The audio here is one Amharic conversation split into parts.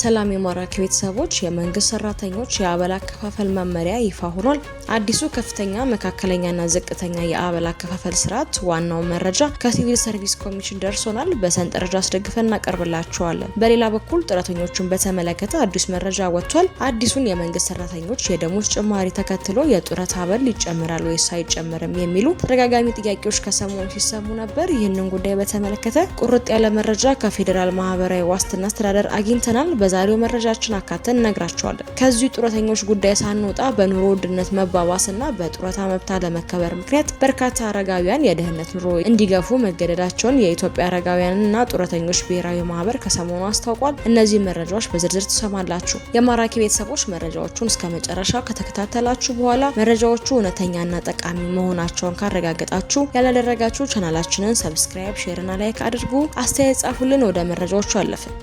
ሰላም የማራኪ ቤተሰቦች፣ የመንግስት ሰራተኞች የአበል አከፋፈል መመሪያ ይፋ ሆኗል። አዲሱ ከፍተኛ መካከለኛና ዝቅተኛ የአበል አከፋፈል ስርዓት ዋናው መረጃ ከሲቪል ሰርቪስ ኮሚሽን ደርሶናል። በሰንጠረዥ አስደግፈን እናቀርብላቸዋለን። በሌላ በኩል ጡረተኞቹን በተመለከተ አዲስ መረጃ ወጥቷል። አዲሱን የመንግስት ሰራተኞች የደሞዝ ጭማሪ ተከትሎ የጡረት አበል ይጨምራል ወይስ አይጨምርም የሚሉ ተደጋጋሚ ጥያቄዎች ከሰሞኑ ሲሰሙ ነበር። ይህንን ጉዳይ በተመለከተ ቁርጥ ያለ መረጃ ከፌዴራል ማህበራዊ ዋስትና አስተዳደር አግኝተናል። በዛሬው መረጃችን አካተን እነግራችኋለን። ከዚሁ ጡረተኞች ጉዳይ ሳንወጣ በኑሮ ውድነት መባባስና በጡረታ መብት አለመከበር ምክንያት በርካታ አረጋውያን የደህንነት ኑሮ እንዲገፉ መገደዳቸውን የኢትዮጵያ አረጋውያንና ጡረተኞች ብሔራዊ ማህበር ከሰሞኑ አስታውቋል። እነዚህ መረጃዎች በዝርዝር ትሰማላችሁ። የማራኪ ቤተሰቦች መረጃዎቹን እስከ መጨረሻ ከተከታተላችሁ በኋላ መረጃዎቹ እውነተኛና ጠቃሚ መሆናቸውን ካረጋገጣችሁ ያላደረጋችሁ ቻናላችንን ሰብስክራይብ፣ ሼርና ላይክ አድርጉ። አስተያየት ጻፉልን። ወደ መረጃዎቹ አለፍን።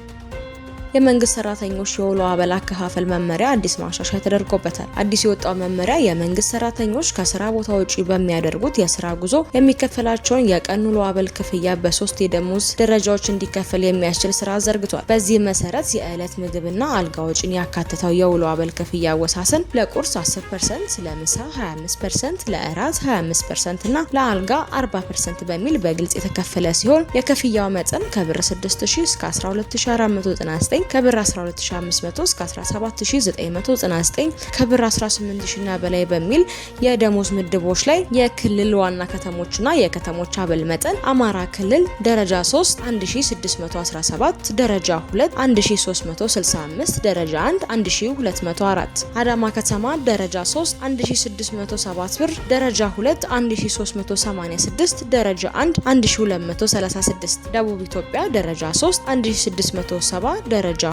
የመንግስት ሰራተኞች የውሎ አበል አከፋፈል መመሪያ አዲስ ማሻሻያ ተደርጎበታል። አዲስ የወጣው መመሪያ የመንግስት ሰራተኞች ከስራ ቦታ ውጪ በሚያደርጉት የስራ ጉዞ የሚከፈላቸውን የቀን ውሎ አበል ክፍያ በሶስት የደሞዝ ደረጃዎች እንዲከፈል የሚያስችል ስራ ዘርግቷል። በዚህ መሰረት የዕለት ምግብና አልጋ ወጪን ያካተተው የውሎ አበል ክፍያ አወሳሰን ለቁርስ 10 ፐርሰንት፣ ለምሳ 25 ፐርሰንት፣ ለእራት 25 ፐርሰንት እና ለአልጋ 40 ፐርሰንት በሚል በግልጽ የተከፈለ ሲሆን የክፍያው መጠን ከብር 6000 እስከ 12499 ከብር 12500 እስከ 17999 ከብር 18 ና በላይ በሚል የደሞዝ ምድቦች ላይ የክልል ዋና ከተሞችና የከተሞች አበል መጠን አማራ ክልል ደረጃ 3 1617፣ ደረጃ 2 1365፣ ደረጃ 1 1204፣ አዳማ ከተማ ደረጃ 3 1607 ብር፣ ደረጃ 2 1386፣ ደረጃ 1 1236፣ ደቡብ ኢትዮጵያ ደረጃ 3 1670፣ ደረጃ ደረጃ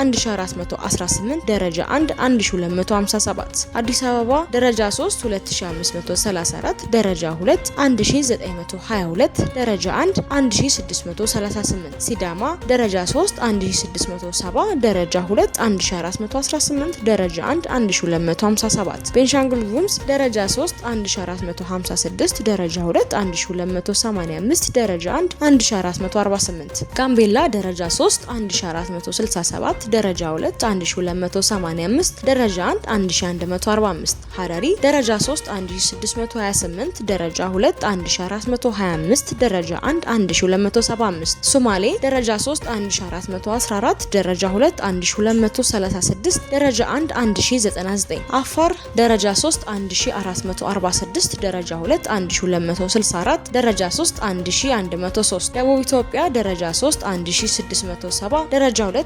2 1418፣ ደረጃ 1 1257፣ አዲስ አበባ ደረጃ 3 2534፣ ደረጃ 2 1922፣ ደረጃ 1 1638፣ ሲዳማ ደረጃ 3 1670፣ ደረጃ 2 1418፣ ደረጃ 1 1257፣ ቤንሻንጉል ጉምዝ ደረጃ 3 1456፣ ደረጃ 2 1285፣ ደረጃ 1 1448፣ ጋምቤላ ደረጃ 3 14 967 ደረጃ 2 1285 ደረጃ 1 1145 ሐረሪ ደረጃ 3 1628 ደረጃ 2 1425 ደረጃ 1 1275 ሶማሌ ደረጃ 3 1414 ደረጃ 2 1236 ደረጃ 1 1099 አፋር ደረጃ 3 1446 ደረጃ 2 1264 ደረጃ 3 1103 ደቡብ ኢትዮጵያ ደረጃ 3 1670 ደረጃ 2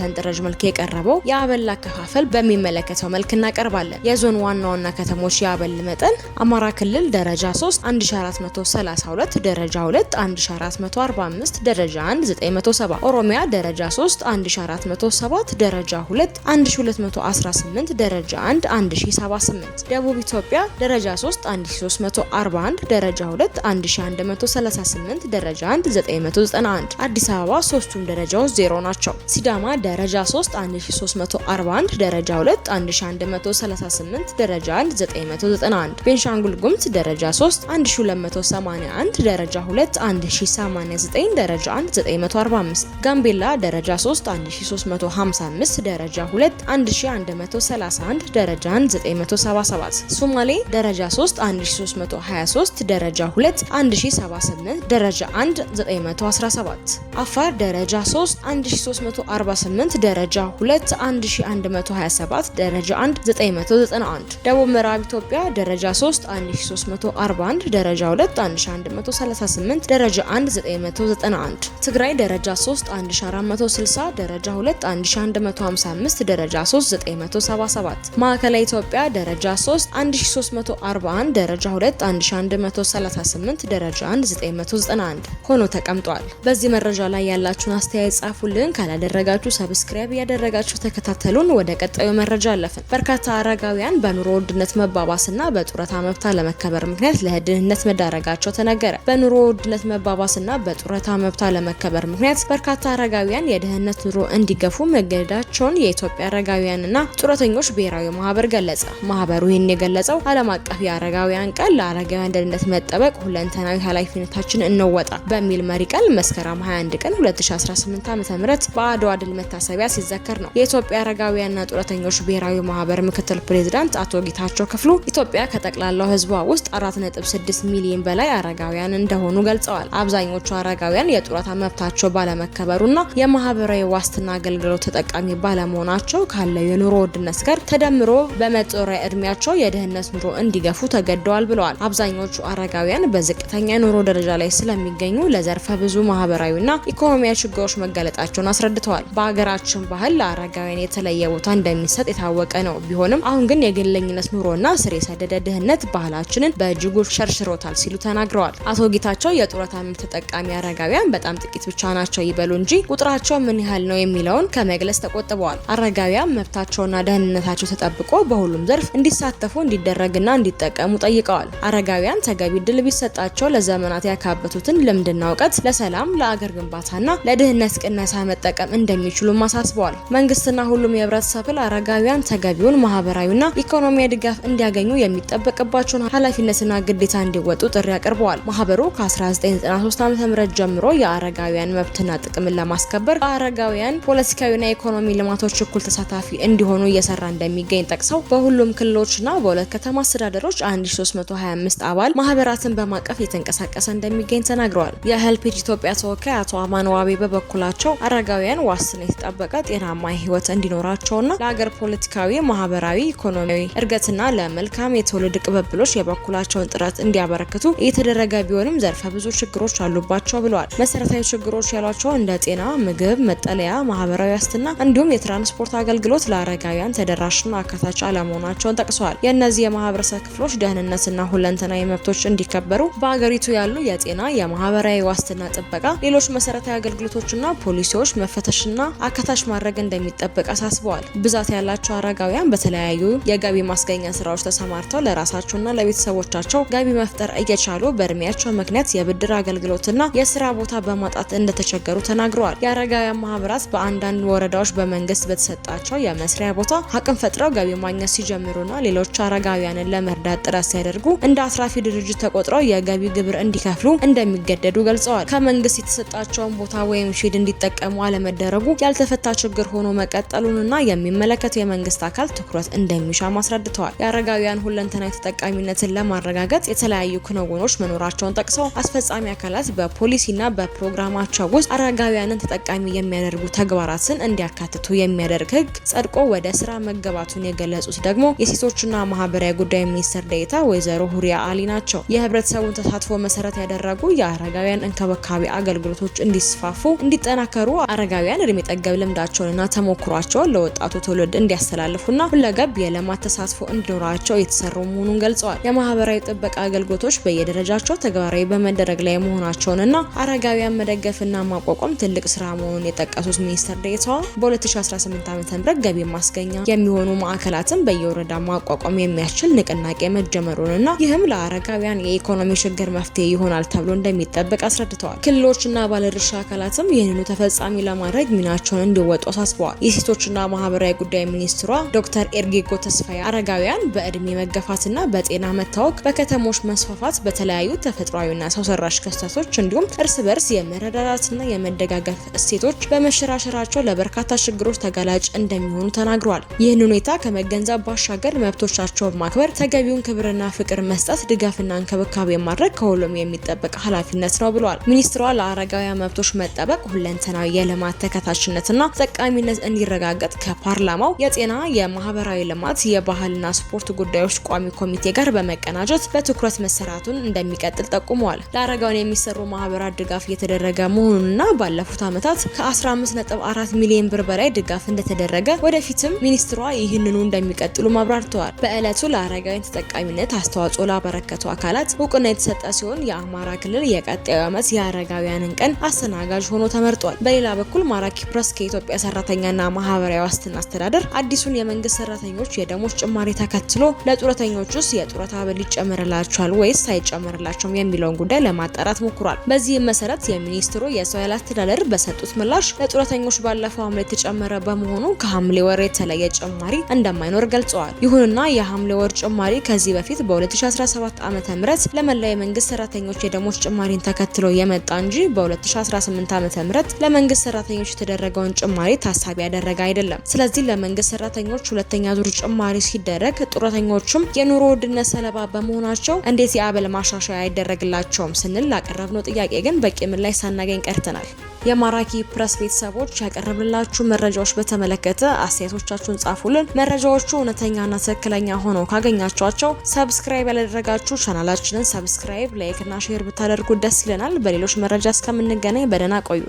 በሰንጠረዥ መልክ የቀረበው የአበል አከፋፈል በሚመለከተው መልክ እናቀርባለን። የዞን ዋና ዋና ከተሞች የአበል መጠን አማራ ክልል ደረጃ 3 1432፣ ደረጃ 2 1445፣ ደረጃ 1 970፣ ኦሮሚያ ደረጃ 3 1407፣ ደረጃ 2 1218፣ ደረጃ 1 1078፣ ደቡብ ኢትዮጵያ ደረጃ 3 1341፣ ደረጃ 2 1138፣ ደረጃ 1 991። አዲስ አበባ ሶስቱም ደረጃዎች ዜሮ ናቸው። ሲዳማ ደረጃ 3 1341፣ ደረጃ 2 1138፣ ደረጃ 1 991። ቤንሻንጉል ጉምዝ ደረጃ 3 1281፣ ደረጃ 2 1089፣ ደረጃ 1 945። ጋምቤላ ደረጃ 3 1355፣ ደረጃ 2 1131፣ ደረጃ 1 977። ሶማሌ ደረጃ 3 1323፣ ደረጃ 2 1078፣ ደረጃ 1 917። አፋር ደረጃ 3 1348 18 ደረጃ 2 1127 ደረጃ 1 991 ደቡብ ምዕራብ ኢትዮጵያ ደረጃ 3 1341 ደረጃ 2 1138 ደረጃ 1 991 ትግራይ ደረጃ 3 1460 ደረጃ 2 1155 ደረጃ 3 977 ማዕከላዊ ኢትዮጵያ ደረጃ 3 1341 ደረጃ 2 1138 ደረጃ 1 991 ሆኖ ተቀምጧል። በዚህ መረጃ ላይ ያላችሁን አስተያየት ጻፉልን። ካላደረጋችሁ ሰብስክራይብ ያደረጋችሁ ተከታተሉን። ወደ ቀጣዩ መረጃ አለፍን። በርካታ አረጋውያን በኑሮ ውድነት መባባስና በጡረታ መብታ ለመከበር ምክንያት ለድህነት መዳረጋቸው ተነገረ። በኑሮ ውድነት መባባስና በጡረታ መብታ ለመከበር ምክንያት በርካታ አረጋውያን የድህነት ኑሮ እንዲገፉ መገደዳቸውን የኢትዮጵያ አረጋውያንና ጡረተኞች ብሔራዊ ማህበር ገለጸ። ማህበሩ ይህን የገለጸው ዓለም አቀፍ የአረጋውያን ቀን ለአረጋውያን ደህንነት መጠበቅ ሁለንተናዊ ኃላፊነታችን እንወጣ በሚል መሪ ቃል መስከረም 21 ቀን 2018 ም በአድዋ ድል መታሰቢያ ሲዘከር ነው። የኢትዮጵያ አረጋውያንና ጡረተኞች ብሔራዊ ማህበር ምክትል ፕሬዚዳንት አቶ ጌታቸው ክፍሉ ኢትዮጵያ ከጠቅላላው ህዝቧ ውስጥ 4.6 ሚሊዮን በላይ አረጋውያን እንደሆኑ ገልጸዋል። አብዛኞቹ አረጋውያን የጡረታ መብታቸው ባለመከበሩና የማህበራዊ ዋስትና አገልግሎት ተጠቃሚ ባለመሆናቸው ካለው የኑሮ ውድነት ጋር ተደምሮ በመጦሪያ እድሜያቸው የድህነት ኑሮ እንዲገፉ ተገደዋል ብለዋል። አብዛኞቹ አረጋውያን በዝቅተኛ ኑሮ ደረጃ ላይ ስለሚገኙ ለዘርፈ ብዙ ማህበራዊና ኢኮኖሚያዊ ችግሮች መጋለጣቸውን አስረድተዋል። የሀገራችን ባህል ለአረጋውያን የተለየ ቦታ እንደሚሰጥ የታወቀ ነው። ቢሆንም አሁን ግን የግለኝነት ኑሮና ስር የሰደደ ድህነት ባህላችንን በእጅጉ ሸርሽሮታል ሲሉ ተናግረዋል። አቶ ጌታቸው የጡረታ መብት ተጠቃሚ አረጋውያን በጣም ጥቂት ብቻ ናቸው ይበሉ እንጂ ቁጥራቸው ምን ያህል ነው የሚለውን ከመግለጽ ተቆጥበዋል። አረጋውያን መብታቸውና ደህንነታቸው ተጠብቆ በሁሉም ዘርፍ እንዲሳተፉ እንዲደረግና እንዲጠቀሙ ጠይቀዋል። አረጋውያን ተገቢ ድል ቢሰጣቸው ለዘመናት ያካበቱትን ልምድና እውቀት ለሰላም፣ ለአገር ግንባታና ለድህነት ቅነሳ መጠቀም እንደሚችሉ ሁሉም አሳስበዋል። መንግስትና ሁሉም የህብረተሰብ ክፍል አረጋውያን ተገቢውን ማህበራዊና ኢኮኖሚያዊ ድጋፍ እንዲያገኙ የሚጠበቅባቸውን ኃላፊነትና ግዴታ እንዲወጡ ጥሪ አቅርበዋል። ማህበሩ ከ1993 ዓ.ም ጀምሮ የአረጋውያን መብትና ጥቅምን ለማስከበር በአረጋውያን ፖለቲካዊና ኢኮኖሚ ልማቶች እኩል ተሳታፊ እንዲሆኑ እየሰራ እንደሚገኝ ጠቅሰው በሁሉም ክልሎችና በሁለት ከተማ አስተዳደሮች 1325 አባል ማህበራትን በማቀፍ የተንቀሳቀሰ እንደሚገኝ ተናግረዋል። የሄልፔጅ ኢትዮጵያ ተወካይ አቶ አማን ዋቤ በበኩላቸው አረጋውያን ዋስትና የተጠበቀ ጤናማ ህይወት እንዲኖራቸውና ለሀገር ፖለቲካዊ፣ ማህበራዊ፣ ኢኮኖሚያዊ እድገትና ለመልካም የትውልድ ቅብብሎች የበኩላቸውን ጥረት እንዲያበረክቱ እየተደረገ ቢሆንም ዘርፈ ብዙ ችግሮች አሉባቸው ብለዋል። መሰረታዊ ችግሮች ያሏቸው እንደ ጤና፣ ምግብ፣ መጠለያ፣ ማህበራዊ ዋስትና እንዲሁም የትራንስፖርት አገልግሎት ለአረጋውያን ተደራሽና አካታች አለመሆናቸውን ጠቅሰዋል። የእነዚህ የማህበረሰብ ክፍሎች ደህንነትና ሁለንተናዊ መብቶች እንዲከበሩ በአገሪቱ ያሉ የጤና የማህበራዊ ዋስትና ጥበቃ፣ ሌሎች መሰረታዊ አገልግሎቶችና ፖሊሲዎች መፈተሽና ከታች ማድረግ እንደሚጠበቅ አሳስበዋል። ብዛት ያላቸው አረጋውያን በተለያዩ የገቢ ማስገኛ ስራዎች ተሰማርተው ለራሳቸውና ለቤተሰቦቻቸው ገቢ መፍጠር እየቻሉ በእድሜያቸው ምክንያት የብድር አገልግሎትና የስራ ቦታ በማጣት እንደተቸገሩ ተናግረዋል። የአረጋውያን ማህበራት በአንዳንድ ወረዳዎች በመንግስት በተሰጣቸው የመስሪያ ቦታ አቅም ፈጥረው ገቢ ማግኘት ሲጀምሩና ሌሎች አረጋውያንን ለመርዳት ጥረት ሲያደርጉ እንደ አትራፊ ድርጅት ተቆጥረው የገቢ ግብር እንዲከፍሉ እንደሚገደዱ ገልጸዋል። ከመንግስት የተሰጣቸውን ቦታ ወይም ሺድ እንዲጠቀሙ አለመደረጉ ያልተ ያልተፈታ ችግር ሆኖ መቀጠሉንና የሚመለከተው የመንግስት አካል ትኩረት እንደሚሻም አስረድተዋል። የአረጋውያን ሁለንተናዊ ተጠቃሚነትን ለማረጋገጥ የተለያዩ ክንውኖች መኖራቸውን ጠቅሰው አስፈጻሚ አካላት በፖሊሲና በፕሮግራማቸው ውስጥ አረጋውያንን ተጠቃሚ የሚያደርጉ ተግባራትን እንዲያካትቱ የሚያደርግ ህግ ጸድቆ ወደ ስራ መገባቱን የገለጹት ደግሞ የሴቶችና ማህበራዊ ጉዳይ ሚኒስትር ዴኤታ ወይዘሮ ሁሪያ አሊ ናቸው። የህብረተሰቡን ተሳትፎ መሰረት ያደረጉ የአረጋውያን እንክብካቤ አገልግሎቶች እንዲስፋፉ፣ እንዲጠናከሩ አረጋውያን እድሜ ጠገ ሳይንሳዊ ልምዳቸውንና ተሞክሯቸውን ለወጣቱ ትውልድ እንዲያስተላልፉና ሁለገብ የልማት ተሳትፎ እንዲኖራቸው የተሰሩ መሆኑን ገልጸዋል። የማህበራዊ ጥበቃ አገልግሎቶች በየደረጃቸው ተግባራዊ በመደረግ ላይ መሆናቸውንና አረጋውያን መደገፍና ማቋቋም ትልቅ ስራ መሆኑን የጠቀሱት ሚኒስትር ዴኤታዋ በ2018 ዓ ም ገቢ ማስገኛ የሚሆኑ ማዕከላትን በየወረዳ ማቋቋም የሚያስችል ንቅናቄ መጀመሩንና ይህም ለአረጋውያን የኢኮኖሚ ችግር መፍትሄ ይሆናል ተብሎ እንደሚጠበቅ አስረድተዋል። ክልሎችና ባለድርሻ አካላትም ይህንኑ ተፈጻሚ ለማድረግ ሚናቸው ሚናቸውን እንዲወጡ አሳስበዋል። የሴቶችና ማህበራዊ ጉዳይ ሚኒስትሯ ዶክተር ኤርጌጎ ተስፋዬ አረጋውያን በእድሜ መገፋትና በጤና መታወክ በከተሞች መስፋፋት በተለያዩ ተፈጥሯዊና ሰው ሰራሽ ክስተቶች እንዲሁም እርስ በርስ የመረዳዳትና የመደጋገፍ እሴቶች በመሸራሸራቸው ለበርካታ ችግሮች ተጋላጭ እንደሚሆኑ ተናግረዋል። ይህን ሁኔታ ከመገንዘብ ባሻገር መብቶቻቸውን ማክበር፣ ተገቢውን ክብርና ፍቅር መስጠት፣ ድጋፍና እንክብካቤ ማድረግ ከሁሉም የሚጠበቅ ኃላፊነት ነው ብለዋል። ሚኒስትሯ ለአረጋውያን መብቶች መጠበቅ ሁለንተናዊ የልማት ተከታችነት ተጠቃሚነትና ተጠቃሚነት እንዲረጋገጥ ከፓርላማው የጤና፣ የማህበራዊ ልማት፣ የባህልና ስፖርት ጉዳዮች ቋሚ ኮሚቴ ጋር በመቀናጀት በትኩረት መሰራቱን እንደሚቀጥል ጠቁመዋል። ለአረጋውን የሚሰሩ ማህበራት ድጋፍ እየተደረገ መሆኑንና ባለፉት ዓመታት ከ15.4 ሚሊዮን ብር በላይ ድጋፍ እንደተደረገ ወደፊትም ሚኒስትሯ ይህንኑ እንደሚቀጥሉ አብራርተዋል። በዕለቱ ለአረጋውያን ተጠቃሚነት አስተዋጽኦ ላበረከቱ አካላት እውቅና የተሰጠ ሲሆን የአማራ ክልል የቀጣዩ ዓመት የአረጋውያንን ቀን አስተናጋጅ ሆኖ ተመርጧል። በሌላ በኩል ማራኪ ፕረስ መንግስት ከኢትዮጵያ ሰራተኛና ማህበራዊ ዋስትና አስተዳደር አዲሱን የመንግስት ሰራተኞች የደሞዝ ጭማሪ ተከትሎ ለጡረተኞች ውስጥ የጡረታ አበል ይጨምርላቸዋል ወይስ አይጨምርላቸውም የሚለውን ጉዳይ ለማጣራት ሞክሯል። በዚህም መሰረት የሚኒስትሩ የሰው ኃይል አስተዳደር በሰጡት ምላሽ ለጡረተኞች ባለፈው ሐምሌ የተጨመረ በመሆኑ ከሐምሌ ወር የተለየ ጭማሪ እንደማይኖር ገልጸዋል። ይሁንና የሐምሌ ወር ጭማሪ ከዚህ በፊት በ2017 ም ለመላው የመንግስት ሰራተኞች የደሞዝ ጭማሪን ተከትሎ የመጣ እንጂ በ2018 ዓ.ም ለመንግስት ሰራተኞች የተደረገው የተደረገውን ጭማሪ ታሳቢ ያደረገ አይደለም። ስለዚህ ለመንግስት ሰራተኞች ሁለተኛ ዙር ጭማሪ ሲደረግ ጡረተኞቹም የኑሮ ውድነት ሰለባ በመሆናቸው እንዴት የአበል ማሻሻያ አይደረግላቸውም ስንል ላቀረብነው ጥያቄ ግን በቂ ምላሽ ሳናገኝ ቀርተናል። የማራኪ ፕረስ ቤተሰቦች ያቀረብንላችሁ መረጃዎች በተመለከተ አስተያየቶቻችሁን ጻፉልን። መረጃዎቹ እውነተኛና ትክክለኛ ሆነው ካገኛችኋቸው ሰብስክራይብ ያላደረጋችሁ ቻናላችንን ሰብስክራይብ፣ ላይክ እና ሼር ብታደርጉ ደስ ይለናል። በሌሎች መረጃ እስከምንገናኝ በደህና ቆዩ።